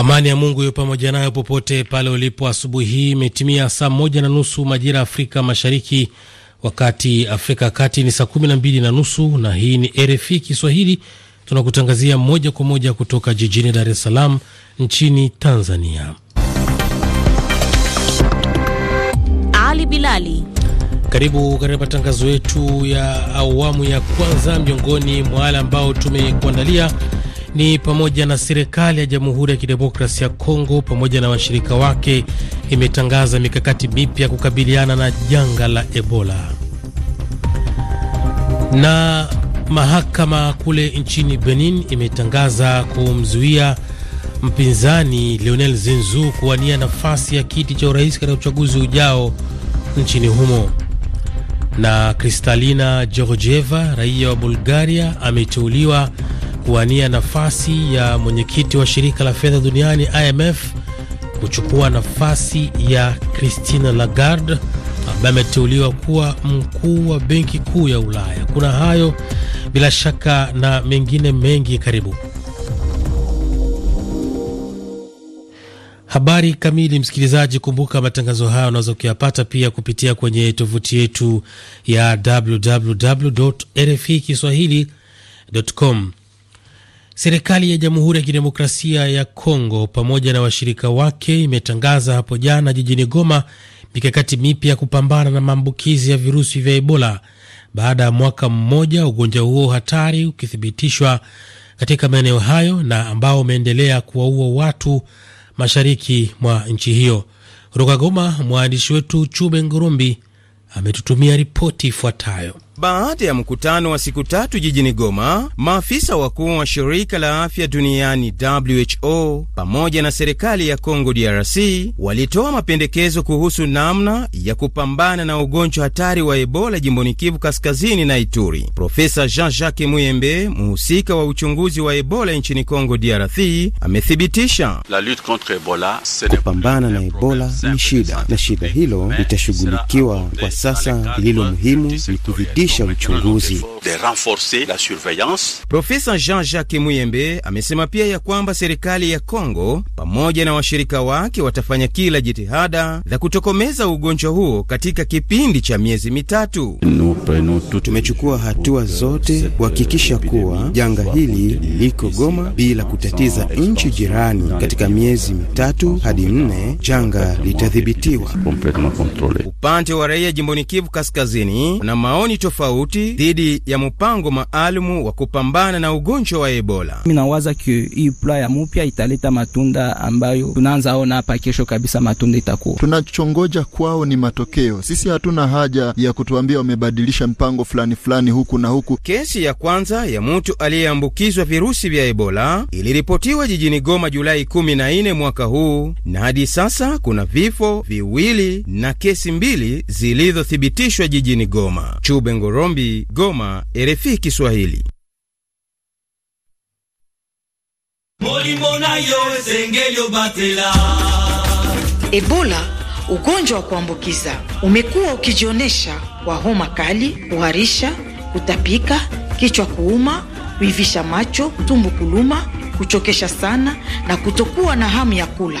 Amani ya Mungu iyo pamoja nayo popote pale ulipo. Asubuhi hii imetimia saa moja na nusu majira ya Afrika Mashariki, wakati Afrika ya Kati ni saa kumi na mbili na nusu na hii ni RFI Kiswahili, tunakutangazia moja kwa moja kutoka jijini Dar es Salaam nchini Tanzania. Ali Bilali, karibu katika matangazo yetu ya awamu ya kwanza, miongoni mwa wale ambao tumekuandalia ni pamoja na serikali ya Jamhuri ya Kidemokrasia ya Kongo pamoja na washirika wake imetangaza mikakati mipya kukabiliana na janga la Ebola. Na mahakama kule nchini Benin imetangaza kumzuia mpinzani Lionel Zinzu kuwania nafasi ya kiti cha urais katika uchaguzi ujao nchini humo. Na Kristalina Georgieva raia wa Bulgaria ameteuliwa kuwania nafasi ya mwenyekiti wa shirika la fedha duniani IMF kuchukua nafasi ya Christine Lagarde ambaye ameteuliwa kuwa mkuu wa benki kuu ya Ulaya. Kuna hayo bila shaka na mengine mengi, karibu Habari kamili, msikilizaji. Kumbuka matangazo haya unaweza kuyapata pia kupitia kwenye tovuti yetu ya www rfi Serikali ya Jamhuri ya Kidemokrasia ya Kongo pamoja na washirika wake imetangaza hapo jana jijini Goma mikakati mipya ya kupambana na maambukizi ya virusi vya Ebola baada ya mwaka mmoja ugonjwa huo hatari ukithibitishwa katika maeneo hayo na ambao umeendelea kuwaua watu mashariki mwa nchi hiyo. Kutoka Goma, mwandishi wetu Chube Ngurumbi ametutumia ripoti ifuatayo. Baada ya mkutano wa siku tatu jijini Goma, maafisa wakuu wa shirika la afya duniani WHO pamoja na serikali ya Kongo DRC walitoa mapendekezo kuhusu namna ya kupambana na ugonjwa hatari wa Ebola jimboni Kivu Kaskazini na Ituri. Profesa Jean-Jacques Muyembe, mhusika wa uchunguzi wa Ebola nchini Kongo DRC, amethibitisha kupambana na Ebola ni shida na shida hilo litashughulikiwa kwa sasa. Lililo muhimu ni kuzidisha kuimarisha uchunguzi. Profesa Jean-Jacques Muyembe amesema pia ya kwamba serikali ya Kongo pamoja na washirika wake watafanya kila jitihada za kutokomeza ugonjwa huo katika kipindi cha miezi mitatu. Tumechukua hatua zote kuhakikisha kuwa janga hili liko Goma bila kutatiza nchi jirani. Katika miezi mitatu hadi nne janga litadhibitiwa. Upande wa raia jimboni Kivu Kaskazini na maoni tofauti tofauti dhidi ya mpango maalumu wa kupambana na ugonjwa wa Ebola. Mimi nawaza ke hii pla ya mupya italeta matunda ambayo tunaanza ona hapa kesho kabisa, matunda itakuwa tunachongoja kwao ni matokeo. Sisi hatuna haja ya kutuambia wamebadilisha mpango fulani fulani huku na huku. Kesi ya kwanza ya mtu aliyeambukizwa virusi vya Ebola iliripotiwa jijini Goma Julai 14 mwaka huu na hadi sasa kuna vifo viwili na kesi mbili zilizothibitishwa jijini Goma Chubengo Korombi, Goma, RFI Kiswahili. Ebola, ugonjwa wa kuambukiza umekuwa ukijionyesha kwa homa kali, kuharisha, kutapika, kichwa kuuma, kuivisha macho, tumbo kuluma, kuchokesha sana na kutokuwa na hamu ya kula.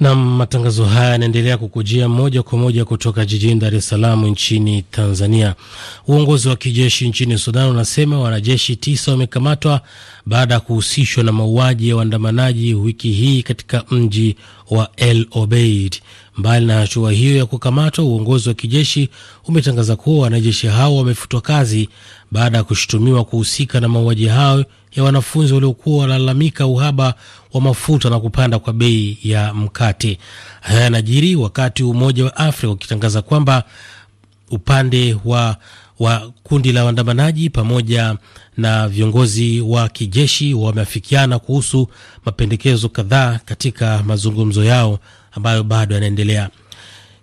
na matangazo haya yanaendelea kukujia moja kwa moja kutoka jijini Dar es Salaam nchini Tanzania. Uongozi wa kijeshi nchini Sudan unasema wanajeshi tisa wamekamatwa baada ya kuhusishwa na mauaji ya waandamanaji wiki hii katika mji wa El Obeid. Mbali na hatua hiyo ya kukamatwa, uongozi wa kijeshi umetangaza kuwa wanajeshi hao wamefutwa kazi baada ya kushutumiwa kuhusika na mauaji hayo ya wanafunzi waliokuwa wanalalamika uhaba wa mafuta na kupanda kwa bei ya mkate. Haya yanajiri wakati Umoja wa Afrika ukitangaza kwamba upande wa wa kundi la waandamanaji pamoja na viongozi wa kijeshi wameafikiana kuhusu mapendekezo kadhaa katika mazungumzo yao ambayo bado yanaendelea.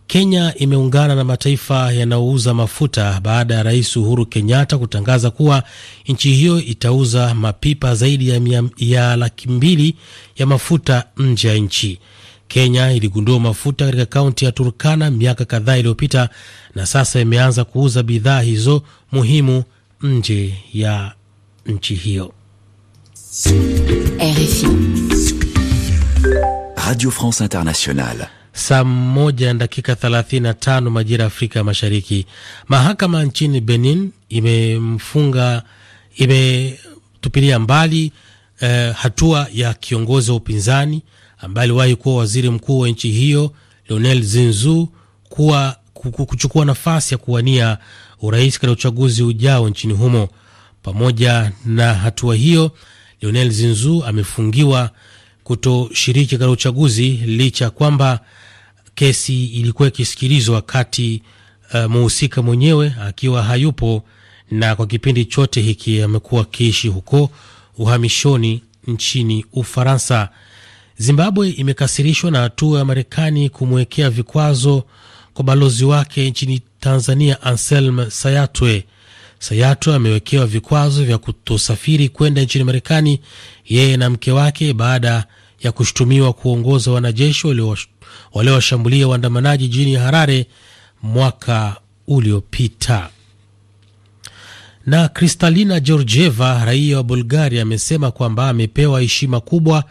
Kenya imeungana na mataifa yanayouza mafuta baada ya Rais Uhuru Kenyatta kutangaza kuwa nchi hiyo itauza mapipa zaidi ya, mia, ya laki mbili ya mafuta nje ya nchi. Kenya iligundua mafuta katika kaunti ya Turkana miaka kadhaa iliyopita na sasa imeanza kuuza bidhaa hizo muhimu nje ya nchi hiyo. RFI Radio France Internationale saa moja na dakika 35 majira ya Afrika Mashariki. Mahakama nchini Benin imemfunga imetupilia mbali eh, hatua ya kiongozi wa upinzani ambaye aliwahi kuwa waziri mkuu wa nchi hiyo Lionel Zinzu kuwa kuchukua nafasi ya kuwania urais katika uchaguzi ujao nchini humo. Pamoja na hatua hiyo, Lionel Zinzu amefungiwa kutoshiriki katika uchaguzi licha ya kwamba Kesi ilikuwa ikisikilizwa wakati uh, muhusika mwenyewe akiwa hayupo, na kwa kipindi chote hiki amekuwa akiishi huko uhamishoni nchini Ufaransa. Zimbabwe imekasirishwa na hatua ya Marekani kumwekea vikwazo kwa balozi wake nchini Tanzania, Anselm Sayatwe. Sayatwe amewekewa vikwazo vya kutosafiri kwenda nchini Marekani, yeye na mke wake, baada ya kushutumiwa kuongoza wanajeshi waliowashambulia waandamanaji jijini Harare mwaka uliopita. Na Kristalina Georgieva, raia wa Bulgaria, amesema kwamba amepewa heshima kubwa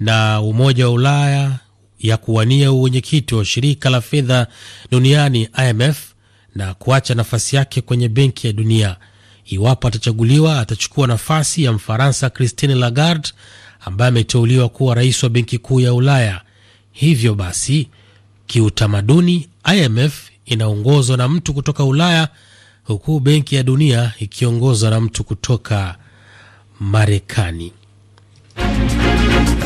na Umoja wa Ulaya ya kuwania uwenyekiti wa shirika la fedha duniani IMF na kuacha nafasi yake kwenye Benki ya Dunia. Iwapo atachaguliwa, atachukua nafasi ya Mfaransa Christine Lagarde ambaye ameteuliwa kuwa rais wa Benki Kuu ya Ulaya. Hivyo basi, kiutamaduni IMF inaongozwa na mtu kutoka Ulaya, huku Benki ya Dunia ikiongozwa na mtu kutoka Marekani.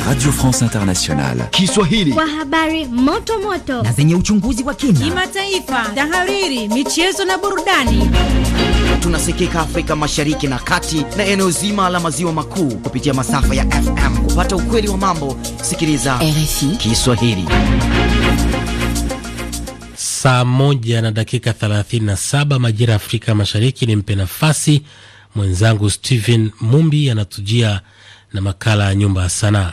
Radio France Internationale Kiswahili, kwa habari moto moto na zenye uchunguzi wa kina, kimataifa, tahariri, michezo na burudani tunasikika Afrika Mashariki na Kati na eneo zima la maziwa makuu kupitia masafa ya FM. Kupata ukweli wa mambo, sikiliza RFI Kiswahili. Saa moja na dakika 37 majira ya Afrika Mashariki. Ni mpe nafasi mwenzangu Stephen Mumbi anatujia na makala ya nyumba ya sanaa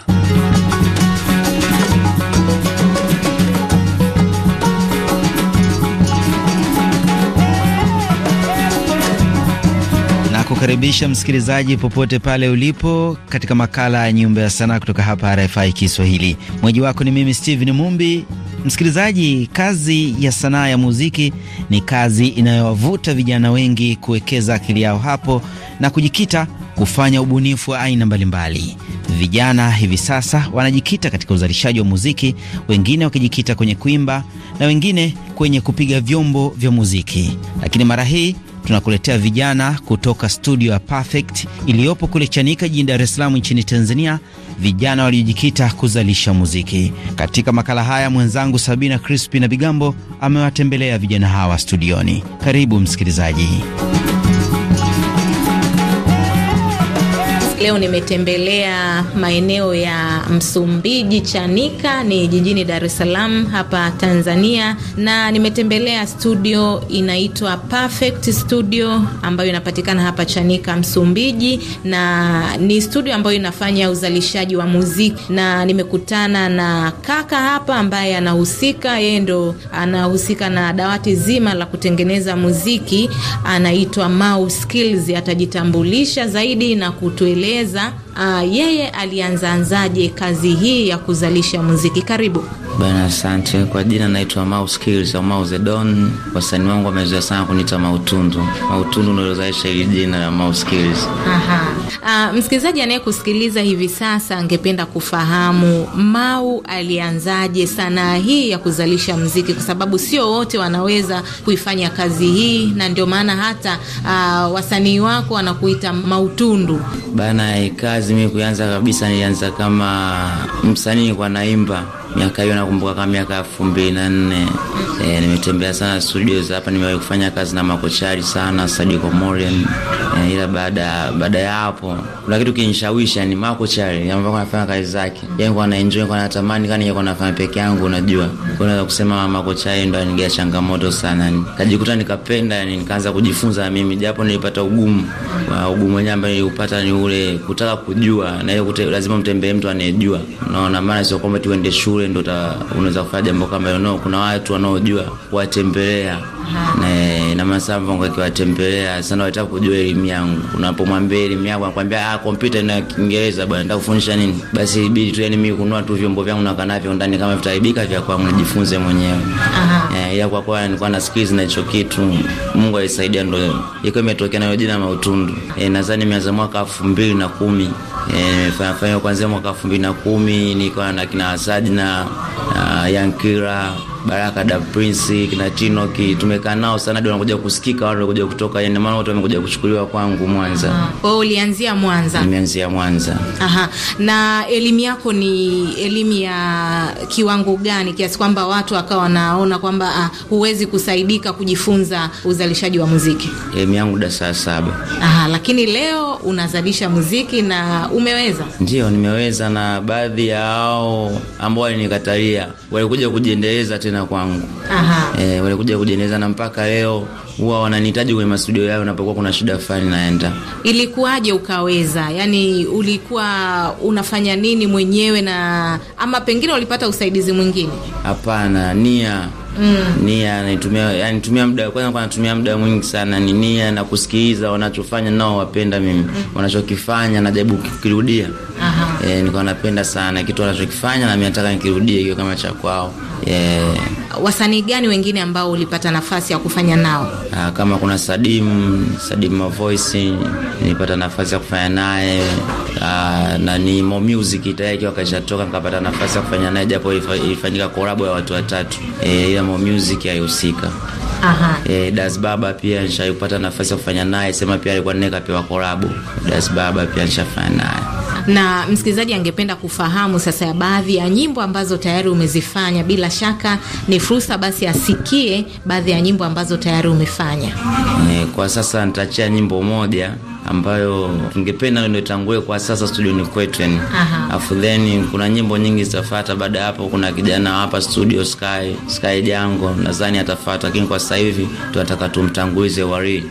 kukaribisha msikilizaji popote pale ulipo katika makala ya Nyumba ya Sanaa kutoka hapa RFI Kiswahili. Mweji wako ni mimi Steven Mumbi. Msikilizaji, kazi ya sanaa ya muziki ni kazi inayowavuta vijana wengi kuwekeza akili yao hapo na kujikita kufanya ubunifu wa aina mbalimbali. Vijana hivi sasa wanajikita katika uzalishaji wa muziki, wengine wakijikita kwenye kuimba na wengine kwenye kupiga vyombo vya muziki, lakini mara hii tunakuletea vijana kutoka studio ya Perfect iliyopo kule Chanika jijini Dar es Salaam nchini Tanzania, vijana waliojikita kuzalisha muziki. Katika makala haya mwenzangu Sabina crispi na Bigambo amewatembelea vijana hawa studioni. Karibu msikilizaji. Leo nimetembelea maeneo ya Msumbiji, Chanika ni jijini Dar es Salaam hapa Tanzania, na nimetembelea studio inaitwa Perfect Studio ambayo inapatikana hapa Chanika, Msumbiji, na ni studio ambayo inafanya uzalishaji wa muziki, na nimekutana na kaka hapa ambaye anahusika, yeye ndo anahusika na dawati zima la kutengeneza muziki, anaitwa Mau Skills. Atajitambulisha zaidi na kutueleza kutueleza uh, ah, yeye alianzaanzaje kazi hii ya kuzalisha muziki. Karibu. Bana, asante kwa jina, naitwa Mau Skills au Mau Zedon. Wasanii wangu wamezoea sana kuniita Mautundu. Mautundu nilozalisha hili jina la Mau Skills. Uh, msikilizaji anayekusikiliza hivi sasa angependa kufahamu Mau alianzaje sanaa hii ya kuzalisha mziki, kwa sababu sio wote wanaweza kuifanya kazi hii, na ndio maana hata uh, wasanii wako wanakuita Mautundu. Bana, kazi mimi kuanza kabisa, nilianza kama msanii kwa naimba Miaka hiyo nakumbuka kama miaka elfu mbili na nne e, nimetembea sana studios hapa, nimewahi kufanya kazi na makochari sana Sadio Morian e, ila baada baada ya hapo kuna kitu kinishawisha ni makochari ambao yaani anafanya kazi zake, yeye, yaani kwa naenjoy, kwa natamani kani yeye kwa nafanya peke yangu, unajua kwa naweza kusema makochari ndo anigea changamoto sana, nikajikuta nikapenda, yani nikaanza kujifunza mimi, japo nilipata ugumu wa ugumu wenyewe ambao nilipata ni ule kutaka kujua na ile lazima mtembee mtu anayejua, unaona maana sio kwamba tuende shule kule ndo unaweza kufanya jambo kama hilo no. Kuna watu wanaojua kuwatembelea na, na Masambo akiwatembelea sana, wataka kujua elimu yangu. Unapomwambia elimu yangu anakwambia ah, kompyuta ina Kiingereza bwana, nataka kufundisha nini? Basi ibidi tu yani mimi kunua tu vyombo vyangu na kanavyo ndani, kama vitaharibika vya kwangu nijifunze mwenyewe eh, ila kwa kwa nilikuwa na skills na hicho kitu, Mungu alisaidia, ndo iko imetokea na jina Mautundu eh, nadhani imeanza mwaka elfu mbili na kumi nimefanya kwanzia kuanzia mwaka elfu mbili na kumi nilikuwa na kina Hasad na uh, Yankira Baraka da Prince kina Chino ki tumekaa nao sana, ndio wanakuja kusikika, wale wanakuja kutoka, yani maana watu wamekuja kuchukuliwa kwangu Mwanza. Ah, wewe ulianzia Mwanza? Nimeanzia Mwanza. Aha. Na elimu yako ni elimu ya kiwango gani, kiasi kwamba watu wakawa wanaona kwamba uh, huwezi kusaidika kujifunza uzalishaji wa muziki? Elimu yangu darasa la saba. Aha, lakini leo unazalisha muziki na umeweza? Ndio, nimeweza na baadhi ya hao ambao walinikatalia walikuja kujiendeleza tena tena kwangu. E, walikuja kujeneza na mpaka leo huwa wananihitaji kwenye mastudio yao unapokuwa kuna shida fulani naenda. Ilikuwaje ukaweza? Yaani ulikuwa unafanya nini mwenyewe na ama pengine ulipata usaidizi mwingine? Hapana, nia mm. nia nitumia, yani tumia muda kwanza, kwa natumia muda mwingi sana ni nia na kusikiliza wanachofanya nao wapenda mimi mm. wanachokifanya najaribu kukirudia. Aha. E, niko napenda sana kitu wanachokifanya na mimi nataka nikirudie hiyo kama cha kwao. E, wasanii gani wengine ambao ulipata nafasi ya kufanya nao? A, kama kuna Sadim Sadim Mavoice nilipata nafasi ya kufanya naye na ni Mo Music tayari kwa kashatoka nikapata nafasi ya kufanya naye japo ilifanyika collab ya watu watatu. E, Diamond Music haihusika. Aha. Eh, Das Baba pia nishaipata nafasi ya kufanya naye, sema pia alikuwa nne pia kolabo. Das Baba pia nishafanya naye na msikilizaji angependa kufahamu sasa ya baadhi ya nyimbo ambazo tayari umezifanya, bila shaka ni fursa basi asikie baadhi ya nyimbo ambazo tayari umefanya. E, kwa sasa nitachia nyimbo moja ambayo tungependa ndio itangue kwa sasa studioni kwetu yani. Afu then kuna nyimbo nyingi zitafuata baada ya hapo. Kuna kijana hapa studio Sky Sky Jango nadhani atafuata, lakini kwa sasa hivi tunataka tumtangulize Wari.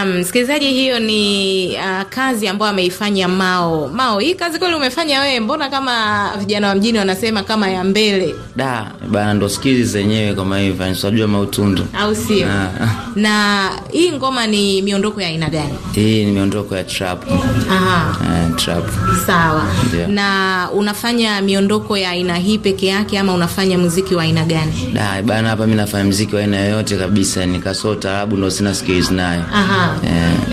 Na msikilizaji, hiyo ni uh, kazi ambayo ameifanya Mao. Mao, hii kazi kweli umefanya wewe? Mbona kama vijana wa mjini wanasema kama ya mbele da bana, ndo skili zenyewe kama hivyo, nisajua mautundu, au sio? Na hii ngoma ni miondoko ya aina gani? Hii ni miondoko ya trap. Aha. Uh, trap. Sawa. Ndia. Na unafanya miondoko ya aina hii peke yake ama unafanya muziki wa aina gani? Da bana, hapa mimi nafanya muziki wa aina yoyote kabisa, kasota arabu ndo sina skills nayo. Aha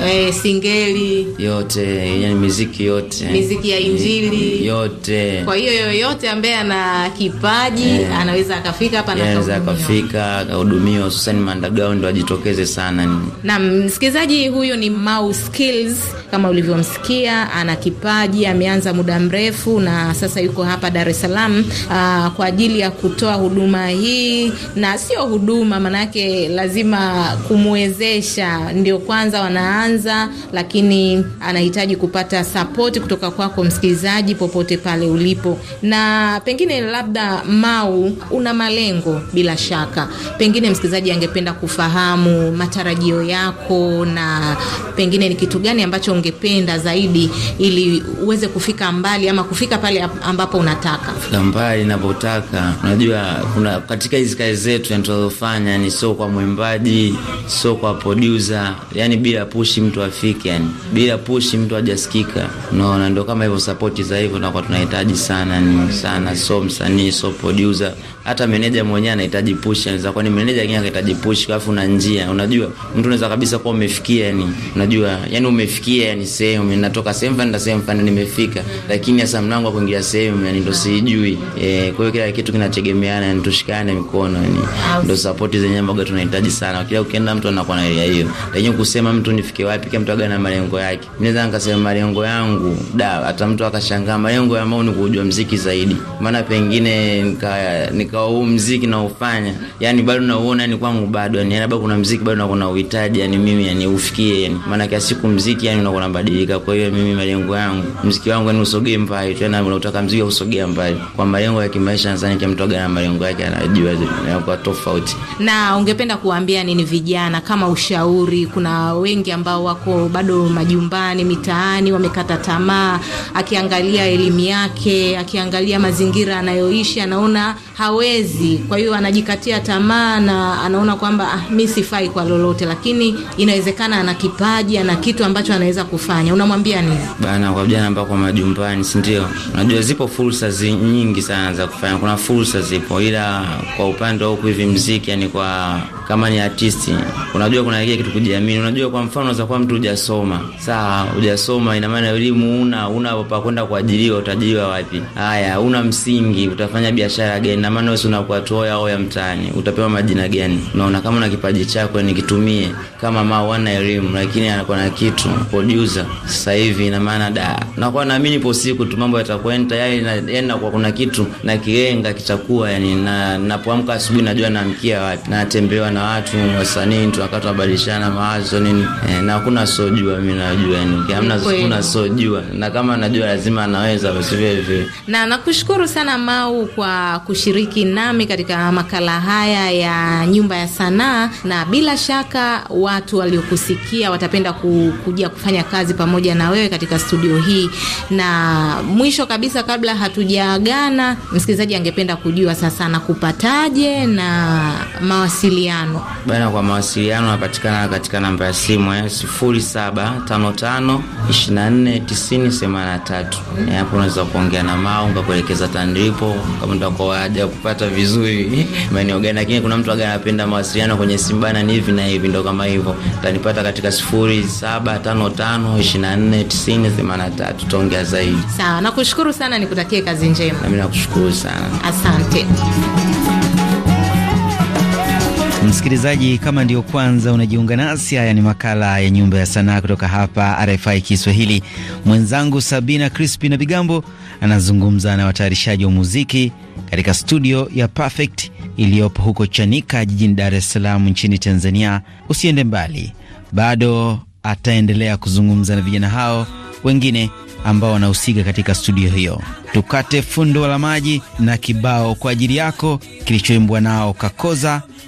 e, singeli yote, yani miziki yote, miziki ya injili yote. Kwa hiyo yoyote ambaye ana kipaji e, anaweza akafika hapa na anaweza akafika akahudumiwa, hususani mandagao ndo ajitokeze sana. Na msikilizaji huyo ni Mau Skills, kama ulivyomsikia, ana kipaji, ameanza muda mrefu na sasa yuko hapa Dar es Salaam uh, kwa ajili ya kutoa huduma hii, na sio huduma, maanake lazima kumwezesha ndio kwanza kwanza wanaanza, lakini anahitaji kupata sapoti kutoka kwako msikilizaji, popote pale ulipo. Na pengine labda Mau, una malengo bila shaka, pengine msikilizaji angependa kufahamu matarajio yako, na pengine ni kitu gani ambacho ungependa zaidi ili uweze kufika mbali ama kufika pale ambapo unataka kufika mbali napotaka. Unajua, kuna katika hizi kazi zetu tunazofanya ni sio kwa mwimbaji, sio kwa producer, yani yani bila pushi mtu afike yani bila pushi mtu hajasikika. Unaona, ndio kama hivyo, sapoti za hivyo kwa tunahitaji sana, ni sana, so msanii so producer hata meneja mwenyewe anahitaji push, anaweza kwa ni meneja yeye anahitaji push, alafu na njia, unajua mtu anaweza kabisa kuwa umefikia, yani unajua, yani umefikia, yani sehemu natoka sehemu fulani na sehemu fulani nimefika, lakini hasa mlango wa kuingia sehemu yani ndo sijui eh. Kwa hiyo kila kitu kinategemeana, yani tushikane mikono, yani ndo support zenyewe ambazo tunahitaji sana. Kila ukienda mtu anakuwa na ile hiyo, lakini kusema mtu nifike wapi, kila mtu aga na malengo yake. Mimi naweza nikasema malengo yangu da, hata mtu akashangaa malengo ya maoni kujua mziki zaidi, maana pengine nika, nika katika huu mziki naufanya, yani bado nauona, ni kwangu bado, yani labda kuna mziki bado nako na uhitaji, yani mimi yani ufikie, yani maana kila siku mziki yani unakona badilika. Kwa hiyo mimi malengo yangu mziki wangu ni usogee mbali, tena unataka mziki usogee mbali kwa malengo ya kimaisha. Nadhani kila mtu na malengo yake anajua kwa tofauti. Na ungependa kuambia nini vijana kama ushauri? Kuna wengi ambao wako bado majumbani, mitaani, wamekata tamaa, akiangalia elimu yake, akiangalia mazingira anayoishi, anaona hawe hawezi, kwa hiyo anajikatia tamaa na anaona kwamba ah, mi sifai kwa lolote, lakini inawezekana ana kipaji, ana kitu ambacho anaweza kufanya. Unamwambia nini bana kwa vijana ambao kwa majumbani, si ndio? Unajua zipo fursa zi nyingi sana za kufanya, kuna fursa zipo, ila kwa upande wa huku hivi mziki, yani kwa kama ni artisti, unajua kuna kile kitu kujiamini. Unajua kwa mfano za kwa mtu hujasoma, sawa, hujasoma ina maana elimu una una pa kwenda kuajiriwa, utaajiriwa wapi? Haya, una msingi, utafanya biashara gani? na maana basi unakuwa unakuatoa au ya mtaani, utapewa majina gani? Unaona kama na kipaji chako nikitumie, kama ma wana elimu lakini anakuwa na kitu producer sasa hivi, ina maana da nakuwa naamini po siku tu mambo yatakwenda, yani na yani kwa kuna kitu na kilenga kitakuwa, yani na napoamka asubuhi najua naamkia wapi, natembewa na watu wasanii, tunakaa tunabadilishana mawazo nini e, na hakuna sojua, mimi najua yani hamna kuna sojua, na kama najua lazima anaweza basi vile vile, Na nakushukuru sana Mau kwa kushiriki umeshiriki nami katika makala haya ya nyumba ya sanaa, na bila shaka watu waliokusikia watapenda kuja kufanya kazi pamoja na wewe katika studio hii. Na mwisho kabisa, kabla hatujaagana, msikilizaji angependa kujua sasa nakupataje na mawasiliano bana. Kwa mawasiliano napatikana katika namba ya simu eh, 0755 24 90 83. Hapo unaweza kuongea na Mao, nikakuelekeza tandipo kama ndio kwa kunipata vizuri eh, maeneo gani, lakini kuna mtu aga anapenda mawasiliano kwenye simu bana, ni hivi na hivi, ndo kama hivyo. Utanipata katika sifuri na Tutaongea zaidi. Sawa, nakushukuru sana, nikutakie kazi njema. Nami nakushukuru sana, asante. Msikilizaji, kama ndio kwanza unajiunga nasi, haya ni makala ya Nyumba ya Sanaa kutoka hapa RFI Kiswahili. Mwenzangu Sabina Crispi na Bigambo anazungumza na watayarishaji wa muziki katika studio ya Perfect iliyopo huko Chanika jijini Dar es Salaam nchini Tanzania. Usiende mbali, bado ataendelea kuzungumza na vijana hao wengine ambao wanahusika katika studio hiyo. Tukate fundo la maji na kibao kwa ajili yako kilichoimbwa nao Kakoza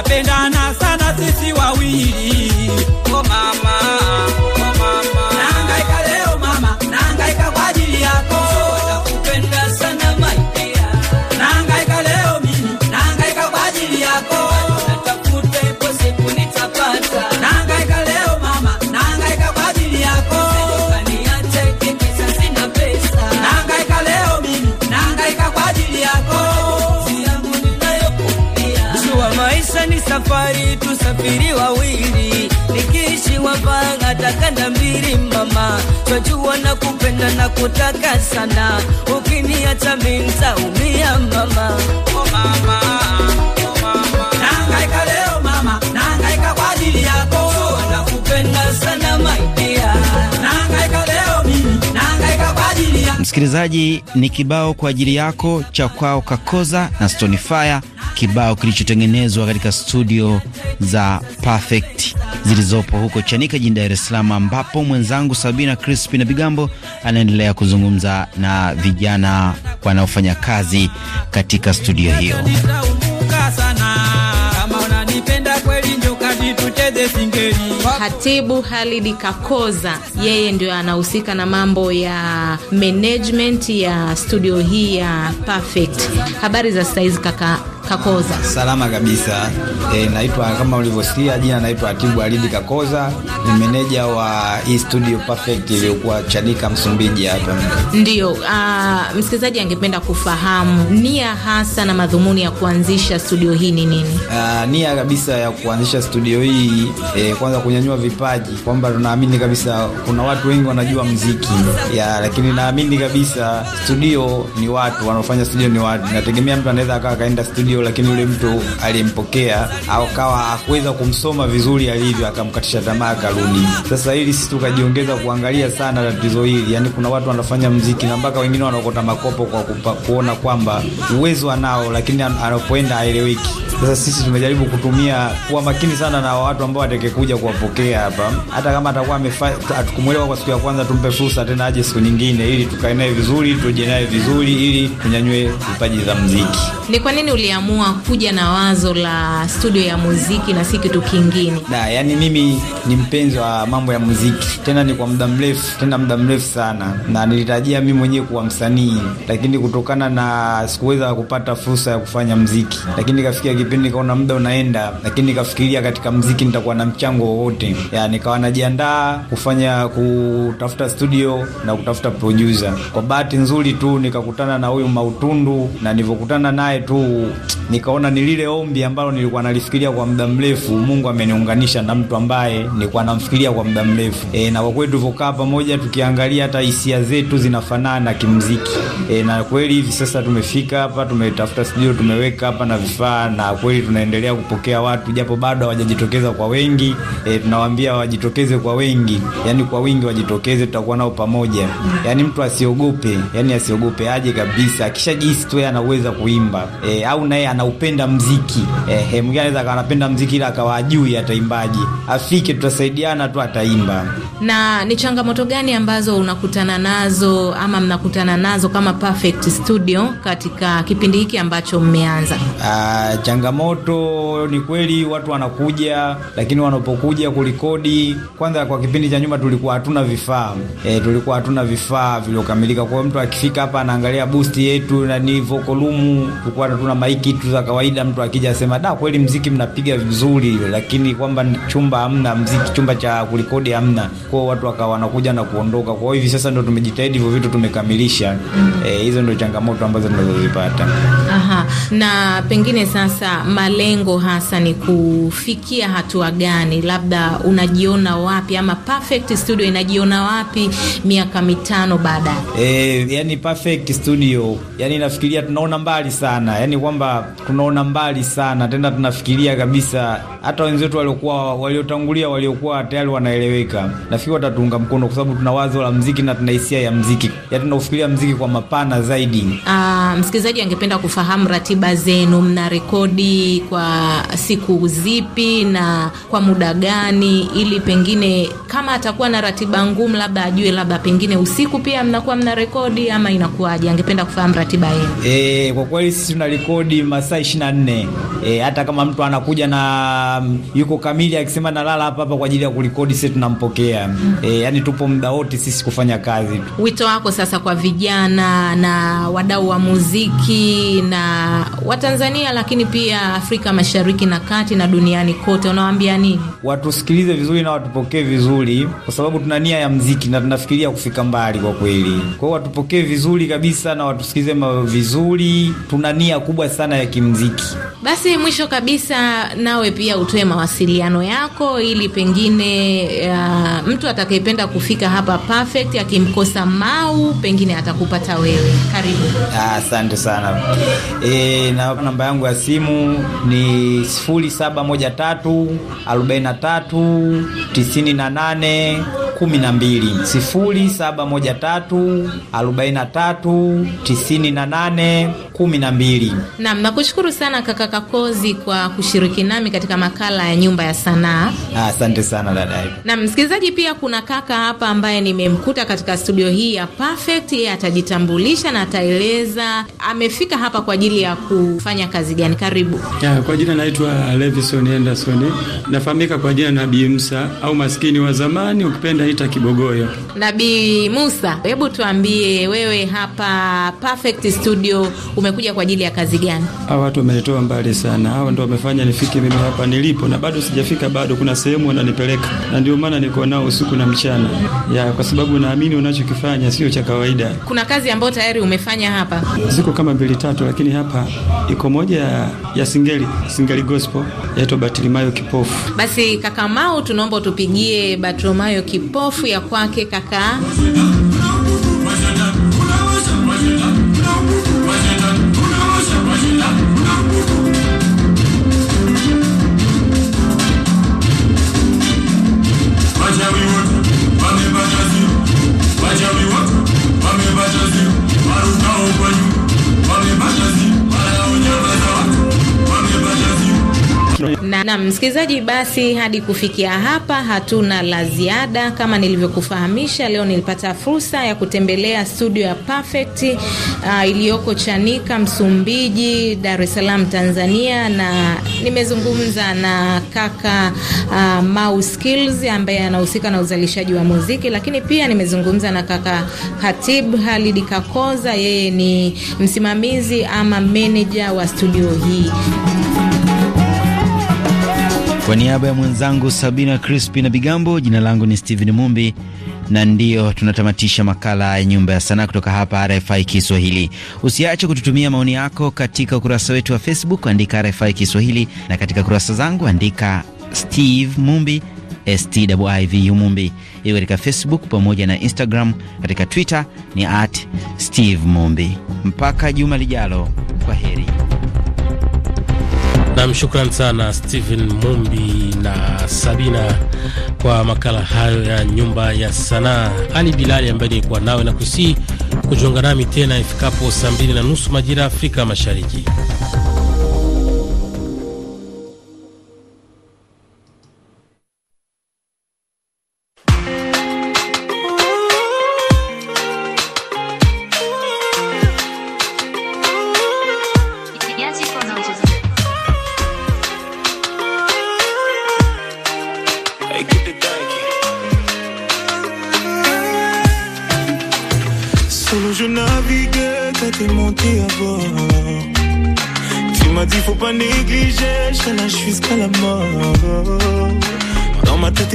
Tunapendana sana sisi wawili safari tusafiri wawili, nikiishi wapanga takanda mbili mama, twajua na kupenda na kutaka sana, ukiniacha mimi umia mama, oh mama, oh Msikilizaji, ni kibao kwa ajili yako cha kwao Kakoza na Stonefire kibao kilichotengenezwa katika studio za Perfect zilizopo huko Chanika jijini Dar es Salaam, ambapo mwenzangu Sabina Crispi na Bigambo anaendelea kuzungumza na vijana wanaofanya kazi katika studio hiyo. Hatibu Halidi Kakoza, yeye ndio anahusika na mambo ya management ya studio hii ya Perfect. Habari za saizi kaka Kakoza. Salama kabisa. E, naitwa kama ulivyosikia jina, naitwa Atibu Alidi Kakoza, ni meneja wa hii studio Perfect iliyokuwa Chanika, Msumbiji hapa. Ndio, msikilizaji angependa kufahamu nia hasa na madhumuni ya kuanzisha studio hii ni nini? A, nia kabisa ya kuanzisha studio hii e, kwanza kunyanyua vipaji, kwamba tunaamini kabisa kuna watu wengi wanajua mziki ya, lakini naamini kabisa studio ni watu wanaofanya studio ni watu, nategemea mtu anaweza akawa akaenda studio lakini yule mtu aliyempokea au kawa hakuweza kumsoma vizuri alivyo, akamkatisha tamaa akarudi. Sasa hili sisi tukajiongeza kuangalia sana tatizo hili, yani kuna watu wanafanya mziki na mpaka wengine wanaokota makopo kwa kupa, kuona kwamba uwezo anao, lakini anapoenda haeleweki. Sasa sisi tumejaribu kutumia kuwa makini sana na watu ambao kuja kuwapokea hapa, hata kama atakuwa hatukumuelewa kwa siku ya kwanza, tumpe fursa tena aje siku nyingine, ili tukae naye vizuri, tuje naye vizuri, ili tunyanywe vipaji za mziki. Ni kwa nini uliamua ukaamua kuja na wazo la studio ya muziki na si kitu kingine? Da, yani mimi ni mpenzi wa mambo ya muziki, tena ni kwa muda mrefu, tena muda mrefu sana, na nilitarajia mimi mwenyewe kuwa msanii, lakini kutokana na sikuweza kupata fursa ya kufanya muziki, lakini nikafikia kipindi nikaona muda unaenda, lakini nikafikiria katika muziki nitakuwa na mchango wowote, ya nikawa najiandaa kufanya kutafuta studio na kutafuta producer. Kwa bahati nzuri tu nikakutana na huyu Mautundu na nilivyokutana naye tu nikaona ni lile ombi ambalo nilikuwa nalifikiria kwa muda mrefu. Mungu ameniunganisha na mtu ambaye nilikuwa namfikiria kwa muda mrefu e, na kwa kweli tulivyokaa pamoja tukiangalia hata hisia zetu zinafanana kimuziki e, na kweli hivi sasa tumefika hapa, tumetafuta studio, tumeweka hapa na vifaa, na kweli tunaendelea kupokea watu japo bado hawajajitokeza kwa wengi e, tunawaambia wajitokeze kwa wengi, yani kwa wingi wajitokeze, tutakuwa nao pamoja. Yani mtu asiogope, yani asiogope, aje kabisa, akishajihisi tu anaweza kuimba e, au na naye eh, anaupenda mziki eh, eh, mwingine anaweza akawa anapenda mziki ila akawa ajui ataimbaje, afike tutasaidiana tu ataimba. Na ni changamoto gani ambazo unakutana nazo ama mnakutana nazo kama Perfect Studio katika kipindi hiki ambacho mmeanza? Ah, changamoto ni kweli watu wanakuja, lakini wanapokuja kulikodi, kwanza kwa kipindi cha nyuma tulikuwa hatuna vifaa e, tulikuwa hatuna vifaa vilivyokamilika. Kwa hiyo mtu akifika hapa anaangalia boost yetu na ni vocal room, tulikuwa hatuna maiki kitu za kawaida, mtu akija asema da, kweli mziki mnapiga vizuri, lakini kwamba chumba hamna mziki, chumba cha kurekodi hamna. Kwao watu wakawa wanakuja na kuondoka. Kwa hiyo hivi sasa ndo tumejitahidi hivyo vitu tumekamilisha. E, hizo ndo changamoto ambazo tunazozipata. Aha, na pengine sasa malengo hasa ni kufikia hatua gani? Labda unajiona wapi ama Perfect Studio inajiona wapi miaka mitano baadaye? Eh, yani Perfect Studio, yani nafikiria tunaona mbali sana, yani kwamba tunaona mbali sana, tena tunafikiria kabisa hata wenzetu waliokuwa waliotangulia waliokuwa tayari wanaeleweka, nafikiri watatunga mkono, kwa sababu tuna wazo la mziki na tuna hisia ya mziki, ya tunaufikiria mziki kwa mapana zaidi. Uh, msikilizaji angependa kufahamu ratiba zenu, mna rekodi kwa siku zipi na kwa muda gani, ili pengine kama atakuwa na ratiba ngumu, labda ajue, labda pengine usiku pia mnakuwa mna rekodi ama inakuwaje? Angependa kufahamu ratiba yenu. Eh, kwa kweli sisi tuna rekodi masaa 24. E, eh, hata kama mtu anakuja na mm, yuko kamili akisema nalala hapa hapa kwa ajili ya kurekodi, sisi tunampokea. E, yani tupo muda wote sisi kufanya kazi Wito wako sasa kwa vijana na wadau wa muziki na Watanzania lakini pia Afrika Mashariki na Kati na duniani kote unawaambia nini? Watusikilize vizuri na watupokee vizuri kwa sababu tuna nia ya muziki na tunafikiria kufika mbali kwa kweli. Kwa hiyo watupokee vizuri kabisa na watusikilize vizuri. Tuna nia kubwa sana ya kimziki. Basi mwisho kabisa, nawe pia utoe mawasiliano yako, ili pengine uh, mtu atakayependa kufika hapa Perfect akimkosa Mau pengine atakupata wewe. Karibu. Asante ah, sana e, na namba yangu ya simu ni 0713 43 na 12 0713 43 98 kumi na mbili. Naam, nakushukuru sana kaka Kakozi kwa kushiriki nami katika makala ya nyumba ya sanaa. Asante sana dada. Na msikilizaji, pia kuna kaka hapa ambaye nimemkuta katika studio hii ya Perfect. Yeye atajitambulisha na ataeleza amefika hapa kwa ajili ya kufanya kazi gani. Karibu. Ya, kwa jina naitwa Levison Anderson, nafahamika kwa jina Nabii Musa au maskini wa zamani, ukipenda ita Kibogoyo. Nabii Musa, hebu tuambie wewe hapa Perfect Studio ume umekuja kwa ajili ya kazi gani? Hawa watu wamenitoa mbali sana, hawa ndio wamefanya nifike mimi hapa nilipo, na bado sijafika, bado kuna sehemu wananipeleka, na ndio maana niko nao usiku na mchana ya, kwa sababu naamini unachokifanya sio cha kawaida. Kuna kazi ambayo tayari umefanya hapa? Ziko kama mbili tatu, lakini hapa iko moja ya singeli, singeli gospel yaitwa Batilimayo Kipofu. Basi kaka Mau, tunaomba utupigie Batilimayo Kipofu ya kwake kaka Kenya. Naam msikilizaji, basi hadi kufikia hapa hatuna la ziada. Kama nilivyokufahamisha, leo nilipata fursa ya kutembelea studio ya Perfect uh, iliyoko Chanika, Msumbiji, Dar es Salaam, Tanzania, na nimezungumza na kaka uh, Mau Skills ambaye anahusika na uzalishaji wa muziki, lakini pia nimezungumza na kaka Hatib Halid Kakoza, yeye ni msimamizi ama meneja wa studio hii. Kwa niaba ya mwenzangu Sabina Crispi na Bigambo, jina langu ni Steven Mumbi na ndiyo tunatamatisha makala ya Nyumba ya Sanaa kutoka hapa RFI Kiswahili. Usiache kututumia maoni yako katika ukurasa wetu wa Facebook, andika RFI Kiswahili, na katika kurasa zangu andika Steve Mumbi Stivu Mumbi iko katika Facebook pamoja na Instagram. Katika Twitter ni at Steve Mumbi. Mpaka juma lijalo, kwa heri. Nam, shukran sana Stephen Mumbi na Sabina kwa makala hayo ya nyumba ya sanaa. Ali Bilali ambaye nilikuwa nawe na kusii kujiunga nami tena ifikapo saa mbili na nusu majira ya Afrika Mashariki.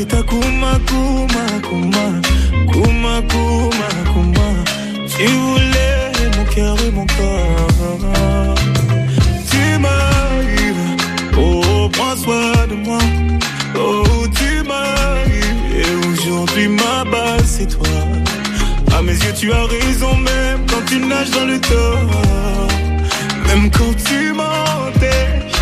ta kuma kuma kuma Tu voulais mon cœur et mon corps Tu eu, Oh prends soin de moi Oh tu eu Et aujourd'hui ma base c'est toi À mes yeux tu as raison Même quand tu nages dans le temps, Même quand tu mentais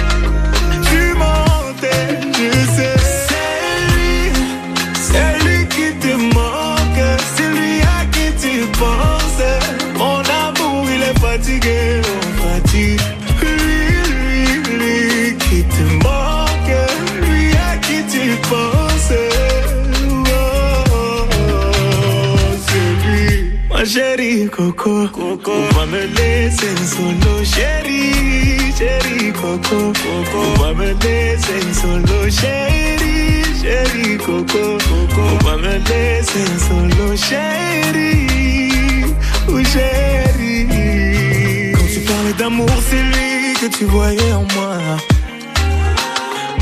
coco. coco. On va me laisser solo, chérie, chérie coco. coco. On va me laisser solo, chérie, chérie coco. coco. On va me laisser solo, chérie, ou oh, chérie. Quand tu parlais d'amour, c'est lui que tu voyais en moi.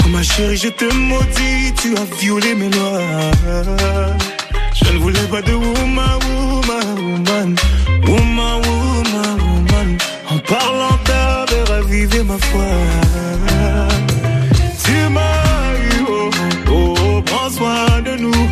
Oh ma chérie, je te maudis, tu as violé mes lois. Je ne voulais pas de woman, woman, woman. Woman, woman, woman, en parlant t'avais ravivé ma foi. Tu m'as eu, oh, oh, oh, prends soin de nous.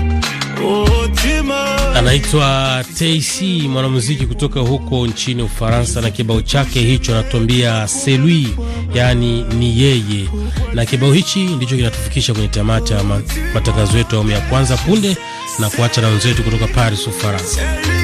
Oh, tu m'as Anaitwa Teisi, mwanamuziki kutoka huko nchini Ufaransa, na kibao chake hicho anatuambia selui, yaani ni yeye. Na kibao hichi ndicho kinatufikisha kwenye tamati ya matangazo yetu awamu ya kwanza punde, na kuacha na wenzetu kutoka Paris, Ufaransa.